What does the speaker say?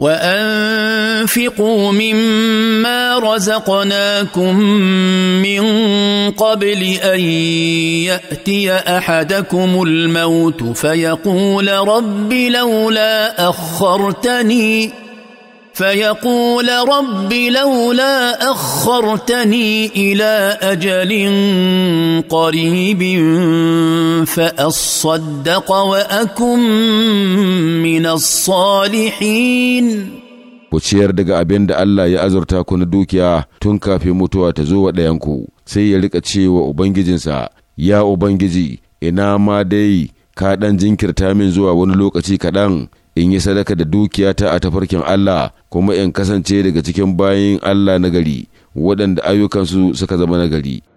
وانفقوا مما رزقناكم من قبل ان ياتي احدكم الموت فيقول رب لولا اخرتني فيقول رب لولا اخرتني الى اجل قريب فاصدق واكن الصالحين ku ciyar daga abin da Allah ya azurta ku na dukiya tun kafin mutuwa ta zo wa ɗayanku sai ya rika cewa ubangijinsa ya ubangiji ina ma dai ka ɗan jinkirta min zuwa wani lokaci kaɗan in yi sadaka da dukiyata a tafarkin Allah kuma in kasance daga cikin bayin Allah nagari waɗanda ayyukansu suka zama nagari